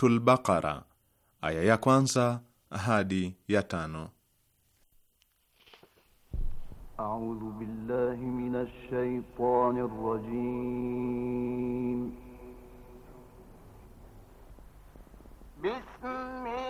Suratul Baqara aya ya kwanza hadi ya tano. A'udhu billahi minash shaitanir rajim. Bismillah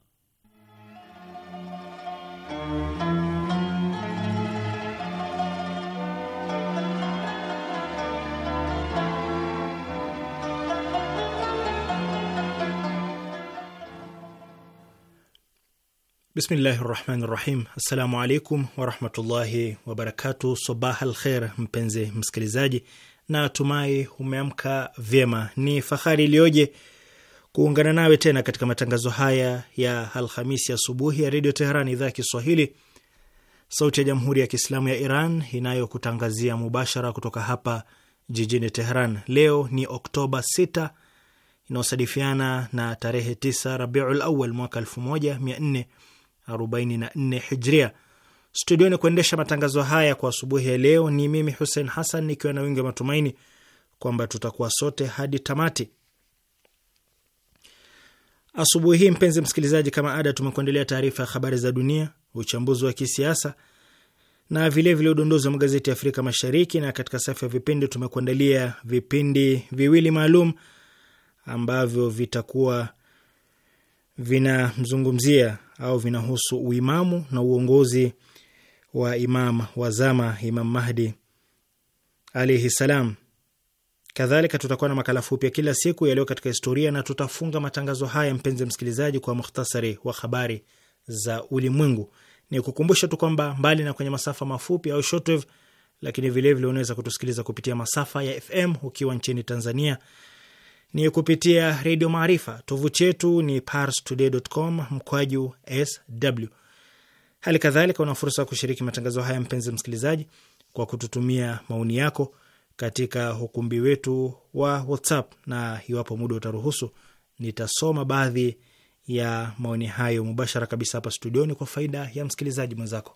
Bismillahi rahmani rahim. Assalamu alaikum warahmatullahi wabarakatu. Sabah al kher, mpenzi msikilizaji, na tumai umeamka vyema. Ni fahari iliyoje kuungana nawe tena katika matangazo haya ya Alhamisi asubuhi ya Redio Teheran, idhaa ya Kiswahili, sauti ya Jamhuri ya Kiislamu ya Iran inayokutangazia mubashara kutoka hapa jijini Teheran. Leo ni Oktoba 6 inayosadifiana na tarehe 9 Rabiul Awal mwaka 44 hijria. Studioni kuendesha matangazo haya kwa asubuhi ya leo ni mimi Hussein Hassan, nikiwa na wingi wa matumaini kwamba tutakuwa sote hadi tamati asubuhi hii. Mpenzi msikilizaji, kama ada, tumekuendelea taarifa ya habari za dunia, uchambuzi wa kisiasa na vilevile udondozi wa magazeti ya Afrika Mashariki, na katika safu ya vipindi tumekuandalia vipindi viwili maalum ambavyo vitakuwa vinamzungumzia au vinahusu uimamu na uongozi wa imam wa zama Imam Mahdi alaihi salam. Kadhalika tutakuwa na makala fupi ya kila siku yaliyo katika historia, na tutafunga matangazo haya, mpenzi msikilizaji, kwa mukhtasari wa habari za ulimwengu. Ni kukumbusha tu kwamba mbali na kwenye masafa mafupi au shortwave, lakini vilevile unaweza kutusikiliza kupitia masafa ya FM ukiwa nchini Tanzania ni kupitia Redio Maarifa. Tovuti yetu ni parstoday.com mkwaju sw. Hali kadhalika una fursa ya kushiriki matangazo haya, mpenzi msikilizaji, kwa kututumia maoni yako katika ukumbi wetu wa WhatsApp, na iwapo muda utaruhusu, nitasoma baadhi ya maoni hayo mubashara kabisa hapa studioni kwa faida ya msikilizaji mwenzako.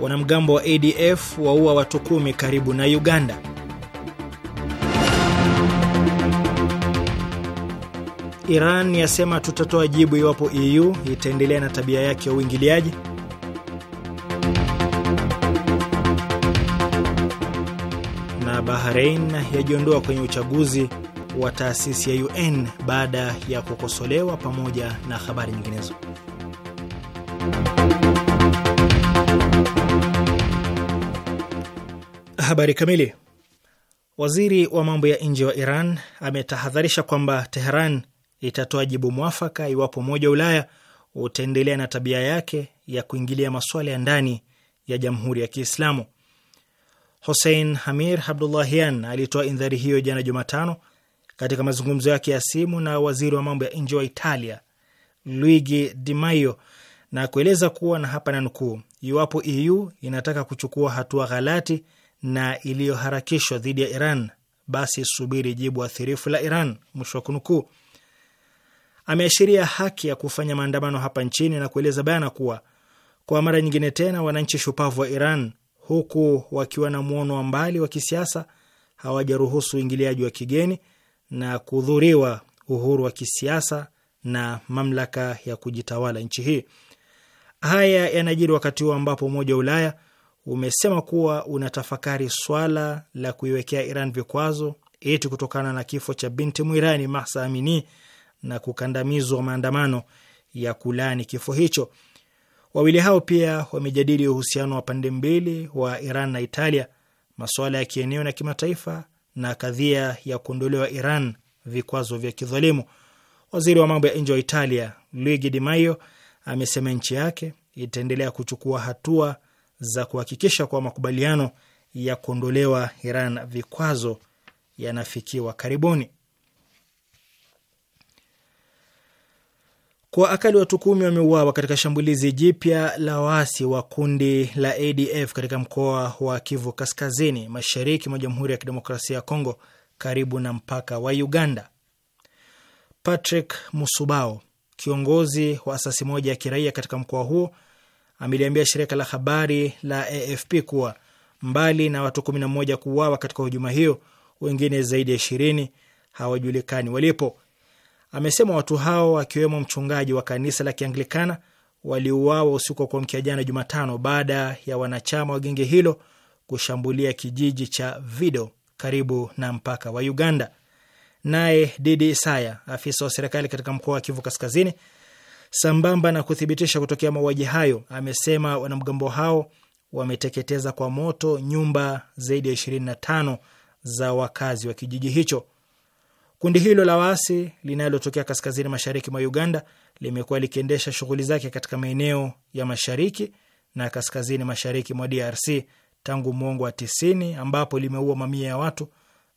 Wanamgambo wa ADF waua watu kumi karibu na Uganda. Iran yasema tutatoa jibu iwapo EU itaendelea na tabia yake ya uingiliaji. Na Bahrain yajiondoa kwenye uchaguzi wa taasisi ya UN baada ya kukosolewa, pamoja na habari nyinginezo. Habari kamili. Waziri wa mambo ya nje wa Iran ametahadharisha kwamba Teheran itatoa jibu mwafaka iwapo Umoja wa Ulaya utaendelea na tabia yake ya kuingilia masuala ya ndani ya Jamhuri ya Kiislamu. Hussein Hamir Abdullahian alitoa indhari hiyo jana Jumatano katika mazungumzo yake ya simu na waziri wa mambo ya nje wa Italia Luigi Di Maio na kueleza kuwa na hapa na nukuu, iwapo EU inataka kuchukua hatua ghalati na iliyoharakishwa dhidi ya Iran, basi subiri jibu athirifu la Iran. Mwisho wa kunukuu. Ameashiria haki ya kufanya maandamano hapa nchini na kueleza bayana kuwa kwa mara nyingine tena wananchi shupavu wa Iran, huku wakiwa na mwono wa mbali wa kisiasa, hawajaruhusu uingiliaji wa kigeni na kudhuriwa uhuru wa kisiasa na mamlaka ya kujitawala nchi hii. Haya yanajiri wakati huo ambapo Umoja wa Ulaya umesema kuwa unatafakari swala la kuiwekea Iran vikwazo eti kutokana na kifo cha binti Mwirani Mahsa Amini na kukandamizwa maandamano ya kulaani kifo hicho. Wawili hao pia wamejadili uhusiano wa pande mbili wa Iran na Italia, masuala ya kieneo na kimataifa, na kadhia ya kuondolewa Iran vikwazo vya kidhalimu. Waziri wa mambo ya nje wa Italia Luigi Di Maio amesema nchi yake itaendelea kuchukua hatua za kuhakikisha kwa makubaliano ya kuondolewa Iran vikwazo yanafikiwa karibuni. Kwa akali watu kumi wameuawa katika shambulizi jipya la waasi wa kundi la ADF katika mkoa wa Kivu Kaskazini, mashariki mwa Jamhuri ya Kidemokrasia ya Kongo, karibu na mpaka wa Uganda. Patrick Musubao, kiongozi wa asasi moja ya kiraia katika mkoa huo, ameliambia shirika la habari la AFP kuwa mbali na watu 1moja kuuawa katika hujuma hiyo, wengine zaidi ya ishirini hawajulikani walipo. Amesema watu hao akiwemo mchungaji wa kanisa la Kianglikana waliuawa usiku wa kuamkia jana Jumatano baada ya wanachama wa genge hilo kushambulia kijiji cha Vido karibu na mpaka wa Uganda. Naye Didi Isaya, afisa wa serikali katika mkoa wa Kivu Kaskazini, Sambamba na kuthibitisha kutokea mauaji hayo, amesema wanamgambo hao wameteketeza kwa moto nyumba zaidi ya 25 za wakazi wa kijiji hicho. Kundi hilo la waasi linalotokea kaskazini mashariki mwa Uganda limekuwa likiendesha shughuli zake katika maeneo ya mashariki na kaskazini mashariki mwa DRC tangu mwongo wa tisini, ambapo limeua mamia ya watu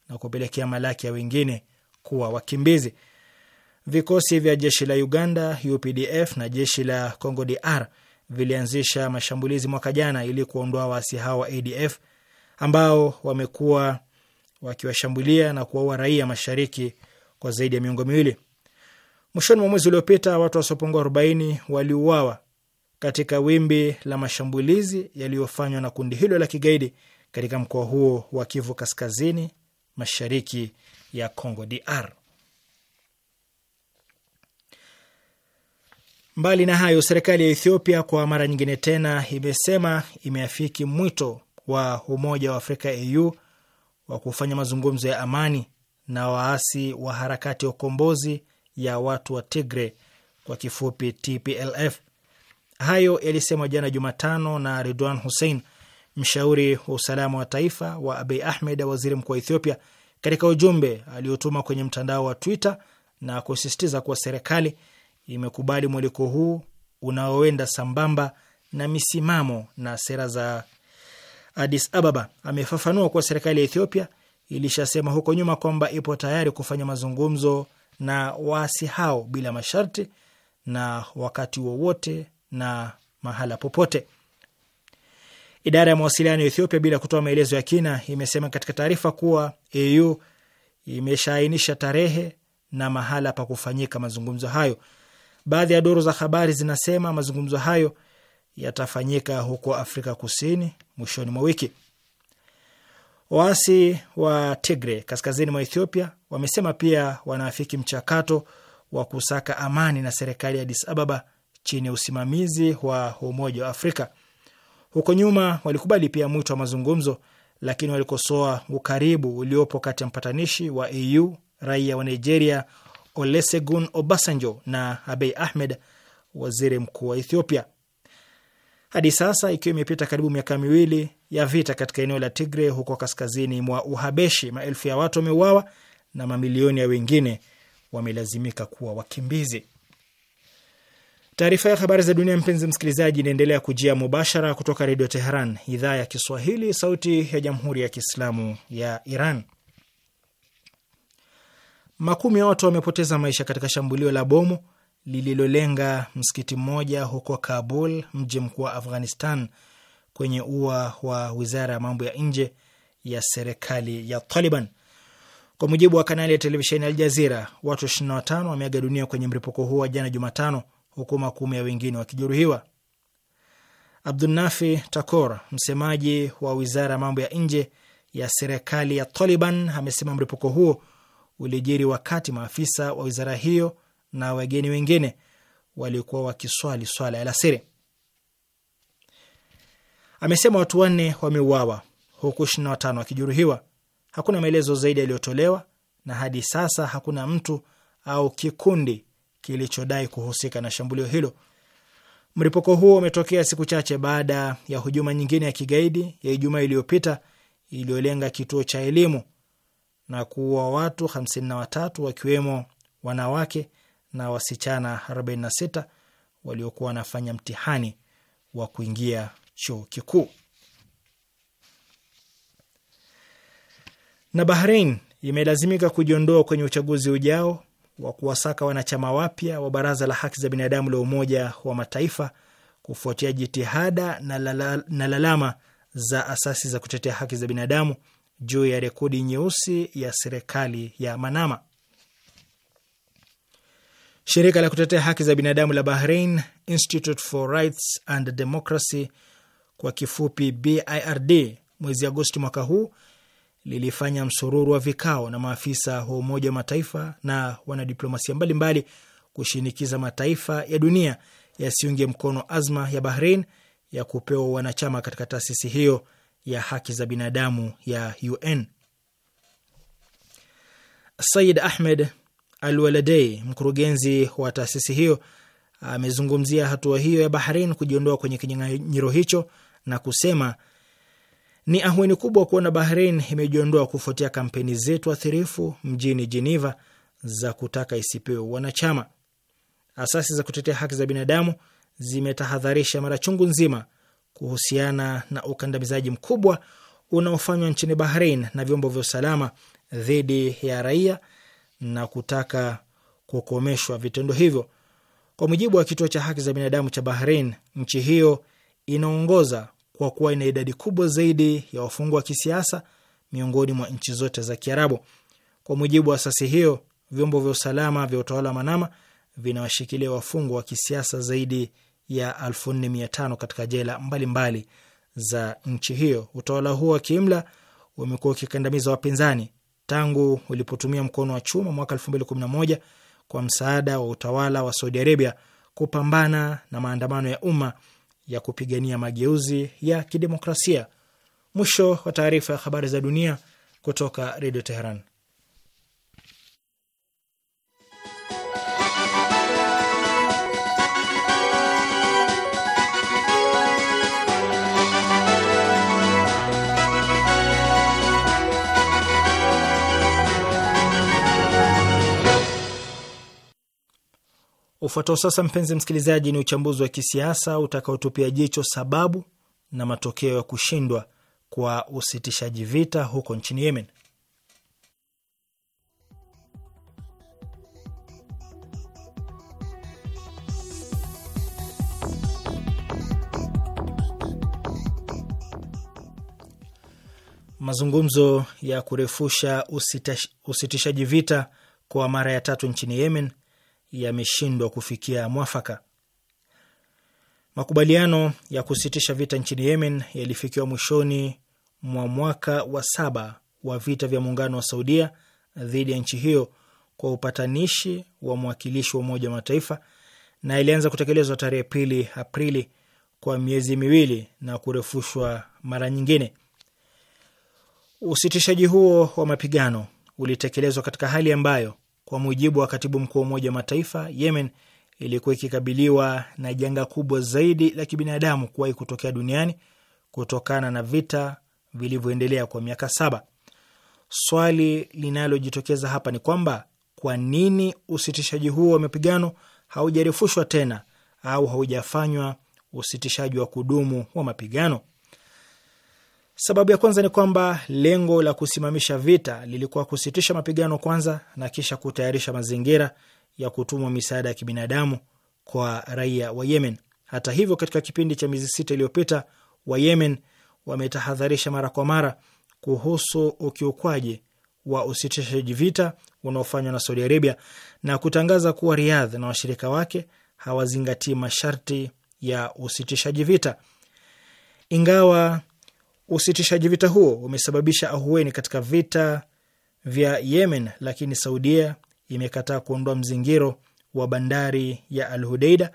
na kupelekea malaki ya wengine kuwa wakimbizi. Vikosi vya jeshi la Uganda UPDF na jeshi la Congo DR vilianzisha mashambulizi mwaka jana ili kuondoa waasi hao wa ADF ambao wamekuwa wakiwashambulia na kuwaua raia mashariki kwa zaidi ya miongo miwili. Mwishoni mwa mwezi uliopita watu wasiopungua 40 waliuawa katika wimbi la mashambulizi yaliyofanywa na kundi hilo la kigaidi katika mkoa huo wa Kivu Kaskazini, mashariki ya Congo DR. Mbali na hayo, serikali ya Ethiopia kwa mara nyingine tena imesema imeafiki mwito wa Umoja wa Afrika AU wa kufanya mazungumzo ya amani na waasi wa harakati ya ukombozi ya watu wa Tigre kwa kifupi TPLF. Hayo yalisemwa jana Jumatano na Ridwan Hussein, mshauri wa usalama wa taifa wa Abiy Ahmed, waziri mkuu wa Ethiopia, katika ujumbe aliotuma kwenye mtandao wa Twitter na kusisitiza kuwa serikali imekubali mweleko huu unaoenda sambamba na misimamo na sera za Addis Ababa. Amefafanua kuwa serikali ya Ethiopia ilishasema huko nyuma kwamba ipo tayari kufanya mazungumzo na waasi hao bila masharti na wakati wowote na mahala popote. Idara ya mawasiliano ya Ethiopia, bila kutoa maelezo ya kina, imesema katika taarifa kuwa AU imeshaainisha tarehe na mahala pa kufanyika mazungumzo hayo. Baadhi ya duru za habari zinasema mazungumzo hayo yatafanyika huko Afrika Kusini mwishoni mwa wiki. Waasi wa Tigre kaskazini mwa Ethiopia wamesema pia wanaafiki mchakato wa kusaka amani na serikali ya Addis Ababa chini ya usimamizi wa Umoja wa Afrika. Huko nyuma walikubali pia mwito wa mazungumzo, lakini walikosoa ukaribu uliopo kati ya mpatanishi wa EU, raia wa Nigeria Olusegun Obasanjo na Abiy Ahmed, waziri mkuu wa Ethiopia. Hadi sasa ikiwa imepita karibu miaka miwili ya vita katika eneo la Tigre huko kaskazini mwa Uhabeshi, maelfu ya watu wameuawa na mamilioni ya wengine wamelazimika kuwa wakimbizi. Taarifa ya habari za dunia, mpenzi msikilizaji, inaendelea kujia mubashara kutoka Redio Teheran, idhaa ya Kiswahili, sauti ya jamhuri ya kiislamu ya Iran. Makumi ya watu wamepoteza maisha katika shambulio la bomu lililolenga msikiti mmoja huko Kabul, mji mkuu wa Afghanistan, kwenye ua wa wizara ya mambo ya nje ya serikali ya Taliban. Kwa mujibu wa kanali ya televisheni Al Jazira, watu 25 wameaga dunia kwenye mlipuko huo wa jana Jumatano, huku makumi ya wengine wakijeruhiwa. Abdunafi Takor, msemaji wa wizara ya mambo ya nje ya serikali ya Taliban, amesema mlipuko huo ulijiri wakati maafisa wa wizara hiyo na wageni wengine waliokuwa wakiswali swala ya alasiri. Amesema watu wanne wameuawa huku ishirini na watano wakijeruhiwa. Hakuna maelezo zaidi yaliyotolewa na hadi sasa hakuna mtu au kikundi kilichodai kuhusika na shambulio hilo. Mlipuko huo umetokea siku chache baada ya hujuma nyingine ya kigaidi ya Ijumaa iliyopita iliyolenga kituo cha elimu na kuua watu 53 wakiwemo wanawake na wasichana 46 waliokuwa wanafanya mtihani wa kuingia chuo kikuu. Na Bahrain imelazimika kujiondoa kwenye uchaguzi ujao wa kuwasaka wanachama wapya wa Baraza la Haki za Binadamu la Umoja wa Mataifa kufuatia jitihada na, lala, na lalama za asasi za kutetea haki za binadamu juu ya rekodi nyeusi ya serikali ya Manama. Shirika la kutetea haki za binadamu la Bahrain, Institute for Rights and Democracy, kwa kifupi BIRD, mwezi Agosti mwaka huu lilifanya msururu wa vikao na maafisa wa Umoja wa Mataifa na wanadiplomasia mbalimbali kushinikiza mataifa ya dunia yasiunge mkono azma ya Bahrain ya kupewa wanachama katika taasisi hiyo ya haki za binadamu ya UN. Said Ahmed Alwaladei, mkurugenzi wa taasisi hiyo, amezungumzia hatua hiyo ya Bahrain kujiondoa kwenye kinyang'anyiro hicho na kusema ni ahueni kubwa kuona Bahrain imejiondoa kufuatia kampeni zetu athirifu mjini Geneva za kutaka isipewe wanachama. Asasi za kutetea haki za binadamu zimetahadharisha mara chungu nzima kuhusiana na ukandamizaji mkubwa unaofanywa nchini Bahrain na vyombo vya usalama dhidi ya raia na kutaka kukomeshwa vitendo hivyo. Kwa mujibu wa kituo cha haki za binadamu cha Bahrain, nchi hiyo inaongoza kwa kuwa ina idadi kubwa zaidi ya wafungwa wa kisiasa miongoni mwa nchi zote za Kiarabu. Kwa mujibu wa asasi hiyo, vyombo vya usalama vya utawala wa Manama vinawashikilia wafungwa wa kisiasa zaidi ya 4500 katika jela mbalimbali mbali za nchi hiyo. Utawala huo wa kiimla umekuwa ukikandamiza wapinzani tangu ulipotumia mkono wa chuma mwaka 2011 kwa msaada wa utawala wa Saudi Arabia kupambana na maandamano ya umma ya kupigania mageuzi ya kidemokrasia. Mwisho wa taarifa ya habari za dunia kutoka Redio Teheran. Ufuatao sasa, mpenzi msikilizaji, ni uchambuzi wa kisiasa utakaotupia jicho sababu na matokeo ya kushindwa kwa usitishaji vita huko nchini Yemen. Mazungumzo ya kurefusha usitishaji vita kwa mara ya tatu nchini Yemen yameshindwa kufikia mwafaka. Makubaliano ya kusitisha vita nchini Yemen yalifikiwa mwishoni mwa mwaka wa saba wa vita vya muungano wa Saudia dhidi ya nchi hiyo kwa upatanishi wa mwakilishi wa Umoja wa Mataifa na ilianza kutekelezwa tarehe pili Aprili kwa miezi miwili na kurefushwa mara nyingine. Usitishaji huo wa mapigano ulitekelezwa katika hali ambayo kwa mujibu wa katibu mkuu wa Umoja wa Mataifa, Yemen ilikuwa ikikabiliwa na janga kubwa zaidi la kibinadamu kuwahi kutokea duniani kutokana na vita vilivyoendelea kwa miaka saba. Swali linalojitokeza hapa ni kwamba kwa nini usitishaji huo wa mapigano haujarefushwa tena au haujafanywa usitishaji wa kudumu wa mapigano? Sababu ya kwanza ni kwamba lengo la kusimamisha vita lilikuwa kusitisha mapigano kwanza na kisha kutayarisha mazingira ya kutumwa misaada ya kibinadamu kwa raia wa Yemen. Hata hivyo, katika kipindi cha miezi sita iliyopita, wa Yemen wametahadharisha mara kwa mara kuhusu ukiukwaji wa usitishaji vita unaofanywa na Saudi Arabia na kutangaza kuwa Riadh na washirika wake hawazingatii masharti ya usitishaji vita, ingawa Usitishaji vita huo umesababisha ahueni katika vita vya Yemen, lakini Saudia imekataa kuondoa mzingiro wa bandari ya Al Hudeida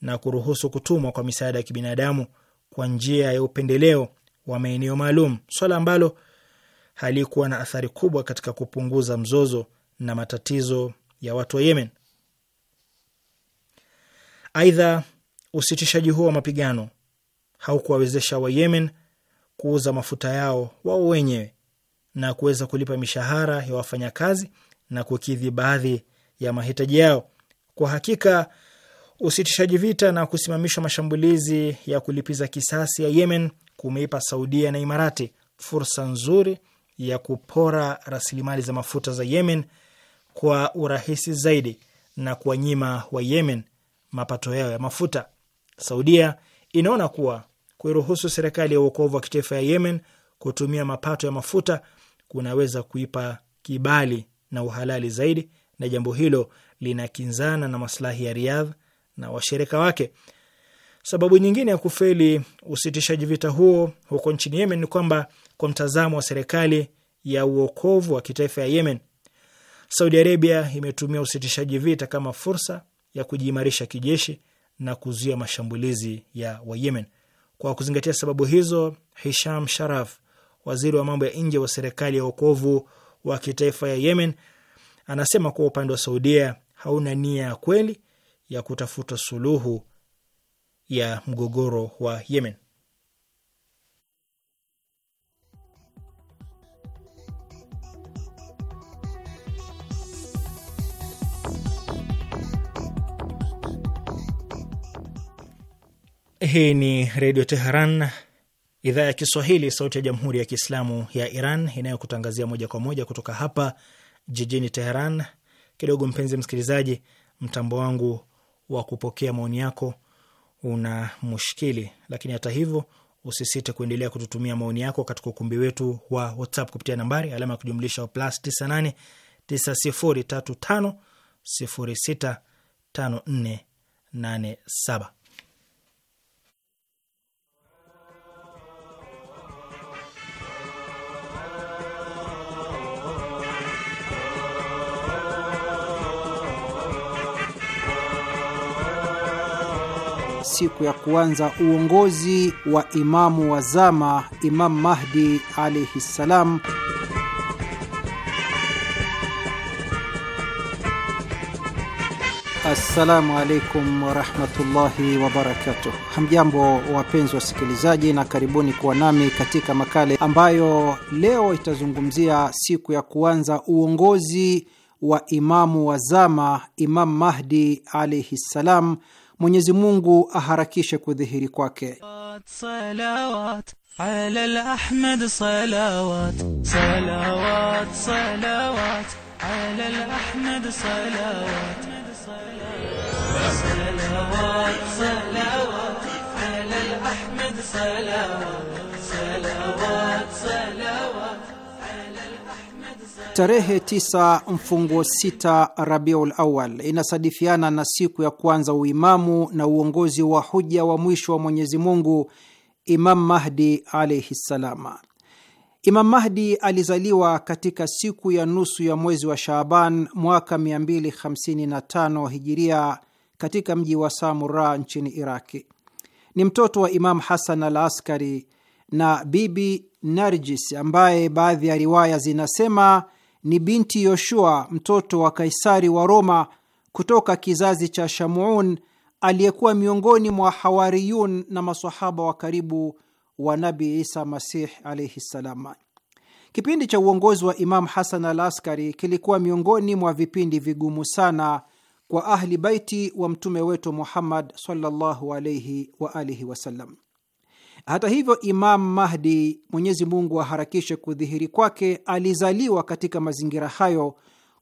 na kuruhusu kutumwa kwa misaada ya kibinadamu kwa njia ya upendeleo wa maeneo maalum, swala ambalo halikuwa na athari kubwa katika kupunguza mzozo na matatizo ya watu wa Yemen. Aidha, usitishaji huo wa mapigano haukuwawezesha Wayemen kuuza mafuta yao wao wenyewe na kuweza kulipa mishahara ya wafanyakazi na kukidhi baadhi ya mahitaji yao. Kwa hakika usitishaji vita na kusimamishwa mashambulizi ya kulipiza kisasi ya Yemen kumeipa Saudia na Imarati fursa nzuri ya kupora rasilimali za mafuta za Yemen kwa urahisi zaidi na kuwanyima wa Yemen mapato yao ya mafuta. Saudia inaona kuwa kuiruhusu serikali ya uokovu wa kitaifa ya Yemen kutumia mapato ya mafuta kunaweza kuipa kibali na uhalali zaidi, na jambo hilo linakinzana na maslahi ya Riyadh na washirika wake. Sababu nyingine ya kufeli usitishaji vita huo huko nchini Yemen ni kwamba kwa mtazamo wa serikali ya uokovu wa kitaifa ya Yemen, Saudi Arabia imetumia usitishaji vita kama fursa ya kujiimarisha kijeshi na kuzuia mashambulizi ya Wayemen. Kwa kuzingatia sababu hizo, Hisham Sharaf, waziri wa mambo ya nje wa serikali ya wokovu wa kitaifa ya Yemen, anasema kuwa upande wa Saudia hauna nia ya kweli ya kutafuta suluhu ya mgogoro wa Yemen. Hii ni Redio Teheran, idhaa ya Kiswahili, sauti ya Jamhuri ya Kiislamu ya Iran, inayokutangazia moja kwa moja kutoka hapa jijini Teheran. Kidogo mpenzi msikilizaji, mtambo wangu wa kupokea maoni yako una mushkili, lakini hata hivyo usisite kuendelea kututumia maoni yako katika ukumbi wetu wa WhatsApp kupitia nambari alama ya kujumlisha plus 98 9035065487. siku ya kuanza uongozi wa imamu wa zama, Imam Mahdi alaihi ssalam. Assalamu alaikum warahmatullahi wabarakatuh. Hamjambo wapenzi wasikilizaji, na karibuni kuwa nami katika makale ambayo leo itazungumzia siku ya kuanza uongozi wa imamu wa zama Imam Mahdi alaihi ssalam, Mwenyezi Mungu aharakishe kudhihiri kwake. Salawat, salawat, salawat, salawat. Tarehe 9 mfunguo sita Rabiul Awal inasadifiana na siku ya kwanza uimamu na uongozi wa huja wa mwisho wa Mwenyezi Mungu, Imam Mahdi alaihi ssalama. Imam Mahdi alizaliwa katika siku ya nusu ya mwezi wa Shaaban mwaka 255 hijiria katika mji wa Samura nchini Iraki. Ni mtoto wa Imam Hasan al Askari na Bibi Narjis ambaye baadhi ya riwaya zinasema ni binti Yoshua mtoto wa Kaisari wa Roma kutoka kizazi cha Shamuun aliyekuwa miongoni mwa hawariyun na masahaba wa karibu wa Nabi Isa Masih alaihi ssalam. Kipindi cha uongozi wa Imam Hasan al Askari kilikuwa miongoni mwa vipindi vigumu sana kwa Ahli Baiti wa mtume wetu Muhammad sallallahu alaihi waalihi wasallam. Hata hivyo, Imam Mahdi, Mwenyezi Mungu aharakishe kudhihiri kwake, alizaliwa katika mazingira hayo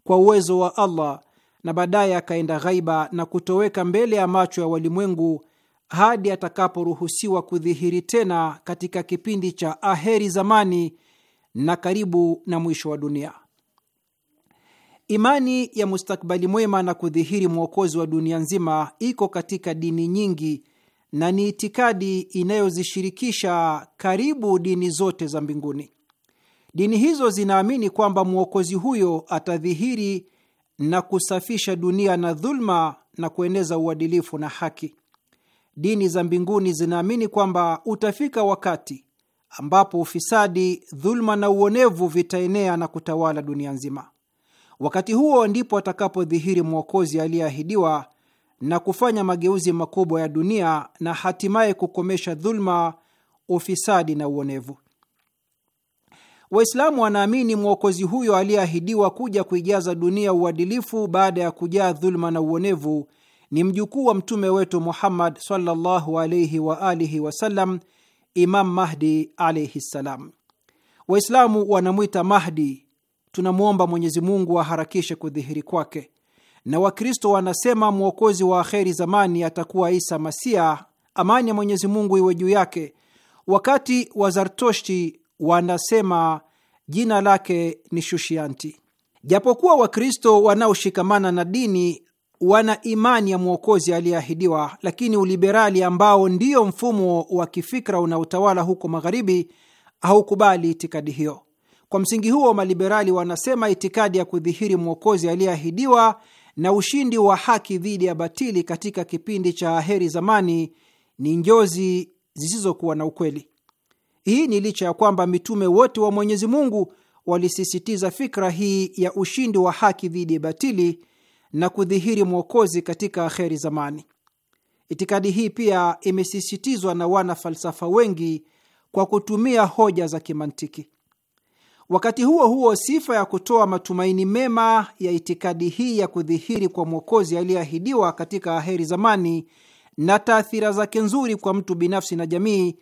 kwa uwezo wa Allah na baadaye akaenda ghaiba na kutoweka mbele ya macho ya walimwengu hadi atakaporuhusiwa kudhihiri tena katika kipindi cha aheri zamani na karibu na mwisho wa dunia. Imani ya mustakbali mwema na kudhihiri mwokozi wa dunia nzima iko katika dini nyingi na ni itikadi inayozishirikisha karibu dini zote za mbinguni. Dini hizo zinaamini kwamba mwokozi huyo atadhihiri na kusafisha dunia na dhuluma na kueneza uadilifu na haki. Dini za mbinguni zinaamini kwamba utafika wakati ambapo ufisadi, dhuluma na uonevu vitaenea na kutawala dunia nzima. Wakati huo ndipo atakapodhihiri mwokozi aliyeahidiwa na kufanya mageuzi makubwa ya dunia na hatimaye kukomesha dhuluma, ufisadi na uonevu. Waislamu wanaamini mwokozi huyo aliyeahidiwa kuja kuijaza dunia uadilifu baada ya kujaa dhuluma na uonevu ni mjukuu wa mtume wetu Muhammad sallallahu alaihi wa alihi wasallam, Imam Mahdi alaihi ssalam. Waislamu wanamwita Mahdi. Tunamwomba Mwenyezi Mungu aharakishe kudhihiri kwake na Wakristo wanasema mwokozi wa akheri zamani atakuwa Isa Masia, amani ya Mwenyezi Mungu iwe juu yake, wakati Wazartoshti wanasema jina lake ni Shushianti. Japokuwa Wakristo wanaoshikamana na dini wana imani ya mwokozi aliyeahidiwa, lakini uliberali ambao ndiyo mfumo wa kifikra unaotawala huko magharibi haukubali itikadi hiyo. Kwa msingi huo, maliberali wanasema itikadi ya kudhihiri mwokozi aliyeahidiwa na ushindi wa haki dhidi ya batili katika kipindi cha heri zamani ni njozi zisizokuwa na ukweli. Hii ni licha ya kwamba mitume wote wa Mwenyezi Mungu walisisitiza fikra hii ya ushindi wa haki dhidi ya batili na kudhihiri mwokozi katika heri zamani. Itikadi hii pia imesisitizwa na wana falsafa wengi kwa kutumia hoja za kimantiki. Wakati huo huo, sifa ya kutoa matumaini mema ya itikadi hii ya kudhihiri kwa Mwokozi aliyeahidiwa katika aheri zamani na taathira zake nzuri kwa mtu binafsi na jamii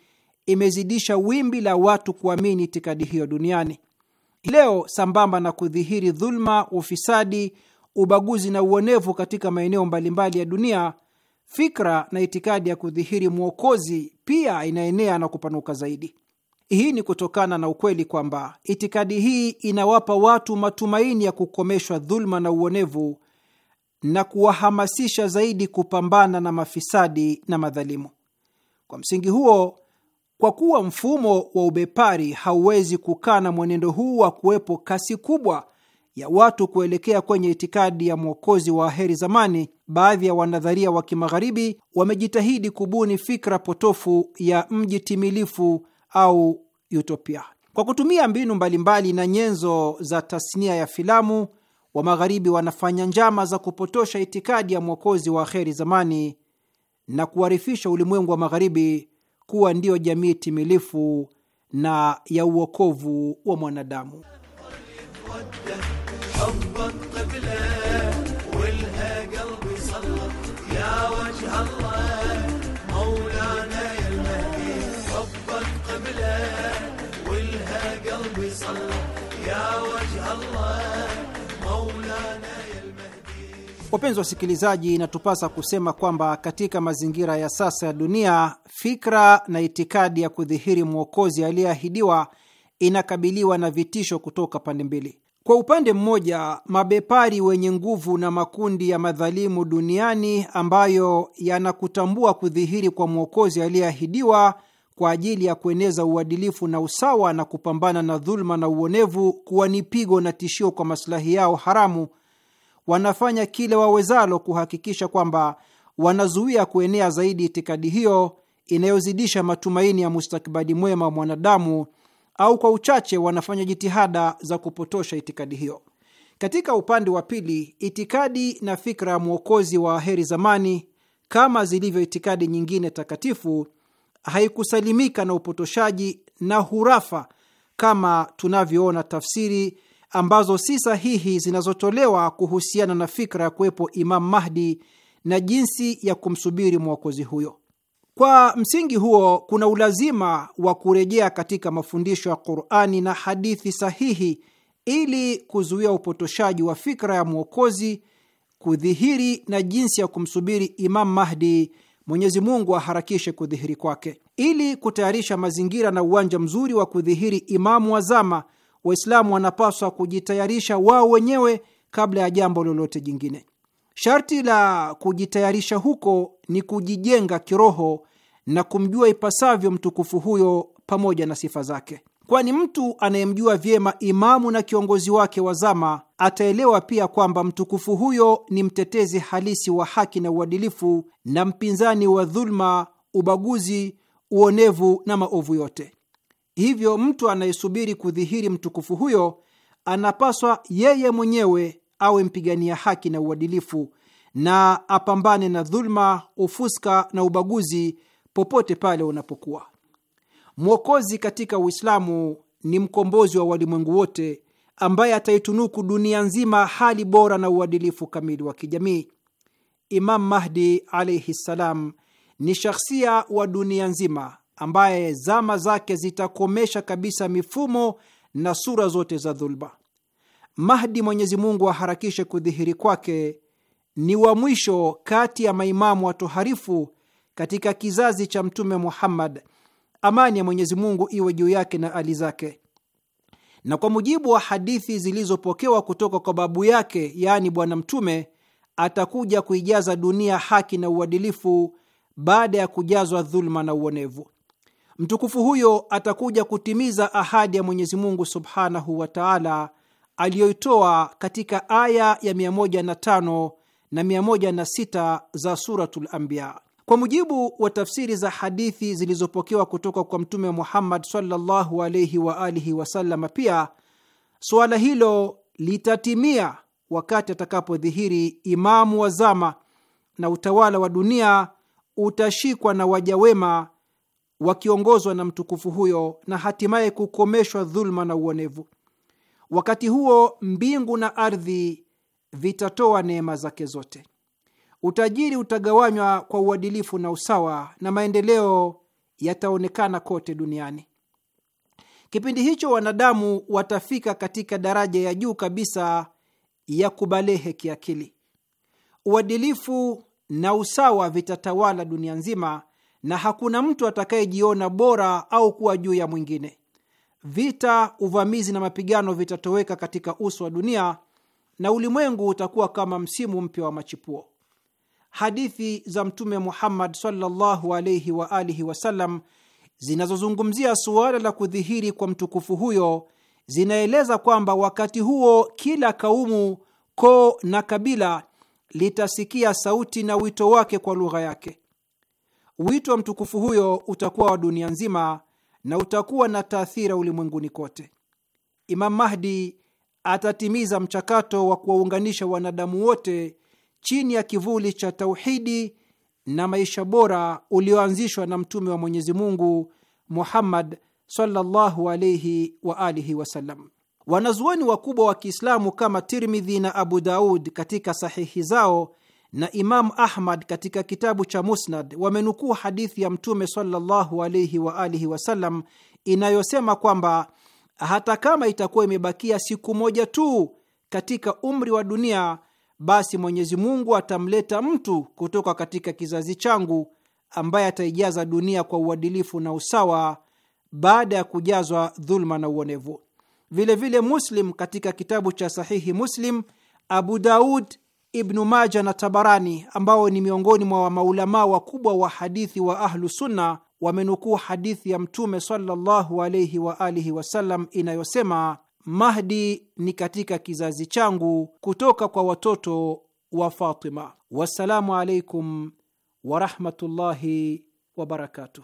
imezidisha wimbi la watu kuamini itikadi hiyo duniani. Leo, sambamba na kudhihiri dhuluma, ufisadi, ubaguzi na uonevu katika maeneo mbalimbali ya dunia, fikra na itikadi ya kudhihiri mwokozi pia inaenea na kupanuka zaidi. Hii ni kutokana na ukweli kwamba itikadi hii inawapa watu matumaini ya kukomeshwa dhuluma na uonevu na kuwahamasisha zaidi kupambana na mafisadi na madhalimu. Kwa msingi huo, kwa kuwa mfumo wa ubepari hauwezi kukaa na mwenendo huu wa kuwepo kasi kubwa ya watu kuelekea kwenye itikadi ya mwokozi wa heri zamani, baadhi ya wanadharia wa kimagharibi wamejitahidi kubuni fikra potofu ya mji timilifu au utopia. Kwa kutumia mbinu mbalimbali na nyenzo za tasnia ya filamu, wa Magharibi wanafanya njama za kupotosha itikadi ya mwokozi wa akheri zamani na kuwarifisha ulimwengu wa Magharibi kuwa ndiyo jamii timilifu na ya uokovu wa mwanadamu. Wapenzi wasikilizaji, inatupasa kusema kwamba katika mazingira ya sasa ya dunia, fikra na itikadi ya kudhihiri mwokozi aliyeahidiwa inakabiliwa na vitisho kutoka pande mbili. Kwa upande mmoja, mabepari wenye nguvu na makundi ya madhalimu duniani ambayo yanakutambua kudhihiri kwa mwokozi aliyeahidiwa kwa ajili ya kueneza uadilifu na usawa na kupambana na dhuluma na uonevu kuwa ni pigo na tishio kwa masilahi yao haramu, wanafanya kile wawezalo kuhakikisha kwamba wanazuia kuenea zaidi itikadi hiyo inayozidisha matumaini ya mustakabali mwema wa mwanadamu, au kwa uchache wanafanya jitihada za kupotosha itikadi hiyo. Katika upande wa pili, itikadi na fikra ya mwokozi wa aheri zamani, kama zilivyo itikadi nyingine takatifu haikusalimika na upotoshaji na hurafa kama tunavyoona tafsiri ambazo si sahihi zinazotolewa kuhusiana na fikra ya kuwepo Imam Mahdi na jinsi ya kumsubiri mwokozi huyo. Kwa msingi huo, kuna ulazima wa kurejea katika mafundisho ya Qur'ani na hadithi sahihi ili kuzuia upotoshaji wa fikra ya mwokozi, kudhihiri na jinsi ya kumsubiri Imam Mahdi Mwenyezi Mungu aharakishe kudhihiri kwake, ili kutayarisha mazingira na uwanja mzuri wa kudhihiri Imamu wa zama. Waislamu wanapaswa kujitayarisha wao wenyewe kabla ya jambo lolote jingine. Sharti la kujitayarisha huko ni kujijenga kiroho na kumjua ipasavyo mtukufu huyo pamoja na sifa zake kwani mtu anayemjua vyema imamu na kiongozi wake wa zama ataelewa pia kwamba mtukufu huyo ni mtetezi halisi wa haki na uadilifu na mpinzani wa dhuluma, ubaguzi, uonevu na maovu yote. Hivyo mtu anayesubiri kudhihiri mtukufu huyo anapaswa yeye mwenyewe awe mpigania haki na uadilifu na apambane na dhuluma, ufuska na ubaguzi popote pale unapokuwa. Mwokozi katika Uislamu ni mkombozi wa walimwengu wote ambaye ataitunuku dunia nzima hali bora na uadilifu kamili wa kijamii. Imam Mahdi alaihi ssalam ni shakhsia wa dunia nzima ambaye zama zake zitakomesha kabisa mifumo na sura zote za dhulba. Mahdi, Mwenyezi Mungu aharakishe kudhihiri kwake, ni wa mwisho kati ya maimamu watoharifu katika kizazi cha Mtume Muhammad amani ya Mwenyezi Mungu iwe juu yake na ali zake. Na kwa mujibu wa hadithi zilizopokewa kutoka kwa babu yake, yaani Bwana Mtume, atakuja kuijaza dunia haki na uadilifu baada ya kujazwa dhuluma na uonevu. Mtukufu huyo atakuja kutimiza ahadi ya Mwenyezi Mungu subhanahu wa taala aliyoitoa katika aya ya 105 na 106 za Suratul Anbiya. Kwa mujibu wa tafsiri za hadithi zilizopokewa kutoka kwa Mtume Muhammad sallallahu alaihi wa alihi wasallam, pia suala hilo litatimia wakati atakapodhihiri Imamu wa zama na utawala wa dunia utashikwa na waja wema wakiongozwa na mtukufu huyo na hatimaye kukomeshwa dhuluma na uonevu. Wakati huo mbingu na ardhi vitatoa neema zake zote utajiri utagawanywa kwa uadilifu na usawa, na maendeleo yataonekana kote duniani. Kipindi hicho wanadamu watafika katika daraja ya juu kabisa ya kubalehe kiakili. Uadilifu na usawa vitatawala dunia nzima, na hakuna mtu atakayejiona bora au kuwa juu ya mwingine. Vita, uvamizi na mapigano vitatoweka katika uso wa dunia, na ulimwengu utakuwa kama msimu mpya wa machipuo hadithi za Mtume Muhammad sallallahu alaihi wa alihi wasallam zinazozungumzia suala la kudhihiri kwa mtukufu huyo zinaeleza kwamba wakati huo kila kaumu, koo na kabila litasikia sauti na wito wake kwa lugha yake. Wito wa mtukufu huyo utakuwa wa dunia nzima na utakuwa na taathira ulimwenguni kote. Imam Mahdi atatimiza mchakato wa kuwaunganisha wanadamu wote chini ya kivuli cha tauhidi na maisha bora ulioanzishwa na mtume wa Mwenyezi Mungu Muhammad sallallahu alayhi wa alihi wasallam. Wanazuoni wakubwa wa Kiislamu kama Tirmidhi na Abu Daud katika sahihi zao na Imamu Ahmad katika kitabu cha Musnad wamenukuu hadithi ya Mtume sallallahu alayhi wa alihi wasallam inayosema kwamba hata kama itakuwa imebakia siku moja tu katika umri wa dunia basi Mwenyezi Mungu atamleta mtu kutoka katika kizazi changu ambaye ataijaza dunia kwa uadilifu na usawa baada ya kujazwa dhuluma na uonevu. Vilevile Muslim katika kitabu cha Sahihi Muslim, Abu Daud, Ibnu Maja na Tabarani, ambao ni miongoni mwa maulamaa wakubwa wa hadithi wa Ahlu Sunna, wamenukuu hadithi ya Mtume sallallahu alaihi waalihi wasallam inayosema Mahdi ni katika kizazi changu kutoka kwa watoto wa Fatima. Wassalamu alaikum warahmatullahi wabarakatuh.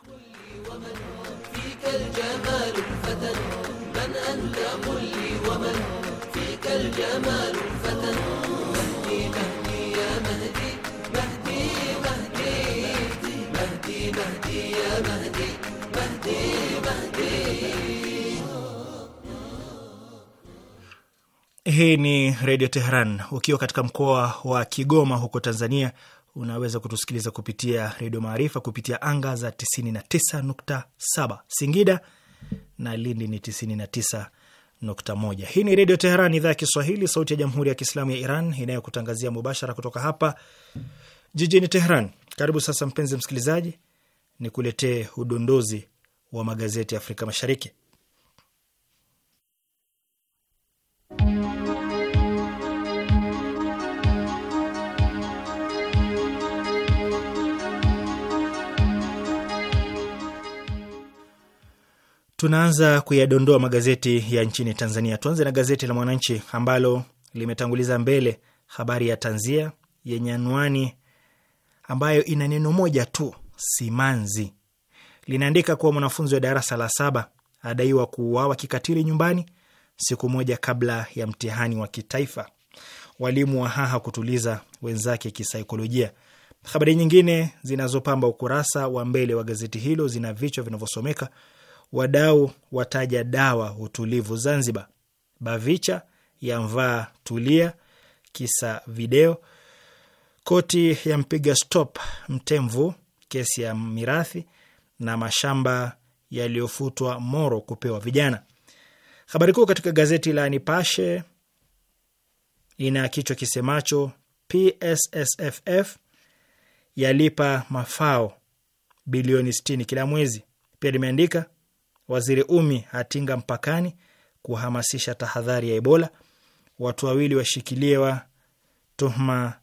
Hii ni Redio Teheran. Ukiwa katika mkoa wa Kigoma huko Tanzania, unaweza kutusikiliza kupitia Redio Maarifa kupitia anga za 99.7. Singida na Lindi ni 99.1. Hii ni Redio Teheran, idhaa ya Kiswahili, sauti ya Jamhuri ya Kiislamu ya Iran, inayokutangazia mubashara kutoka hapa jijini Teheran. Karibu sasa, mpenzi msikilizaji, ni kuletee udondozi wa magazeti ya Afrika Mashariki. Tunaanza kuyadondoa magazeti ya nchini Tanzania. Tuanze na gazeti la Mwananchi ambalo limetanguliza mbele habari ya tanzia yenye anwani ambayo ina neno moja tu, simanzi. Linaandika kuwa mwanafunzi wa darasa la saba adaiwa kuuawa kikatili nyumbani siku moja kabla ya mtihani wa kitaifa. Walimu wa haha kutuliza wenzake kisaikolojia. Habari nyingine zinazopamba ukurasa wa mbele wa gazeti hilo zina vichwa vinavyosomeka Wadau wataja dawa utulivu Zanzibar. Bavicha yamvaa Tulia kisa video. Koti yampiga stop Mtemvu kesi ya mirathi, na mashamba yaliyofutwa Moro kupewa vijana. Habari kuu katika gazeti la Nipashe ina kichwa kisemacho PSSFF yalipa mafao bilioni 60 kila mwezi. Pia limeandika Waziri Umi atinga mpakani kuhamasisha tahadhari ya Ebola. Watu wawili washikiliwa tuhma,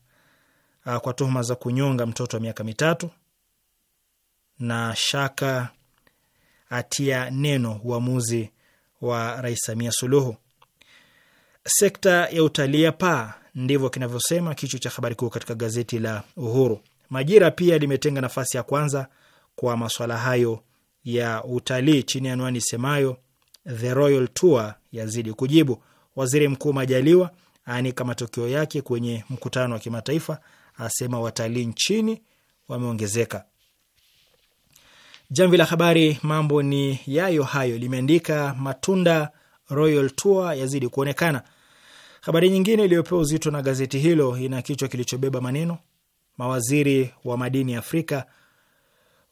uh, kwa tuhuma za kunyonga mtoto wa miaka mitatu. Na shaka atia neno uamuzi wa Rais Samia Suluhu. Sekta ya utalii ya paa, ndivyo kinavyosema kichwa cha habari kuu katika gazeti la Uhuru. Majira pia limetenga nafasi ya kwanza kwa maswala hayo ya utalii chini ya anwani semayo The Royal Tour yazidi kujibu. Waziri Mkuu Majaliwa aanika matokeo yake kwenye mkutano wa kimataifa, asema watalii nchini wameongezeka. Jamvi la Habari mambo ni yayo hayo limeandika matunda Royal Tour yazidi kuonekana. Habari nyingine iliyopewa uzito na gazeti hilo ina kichwa kilichobeba maneno mawaziri wa madini Afrika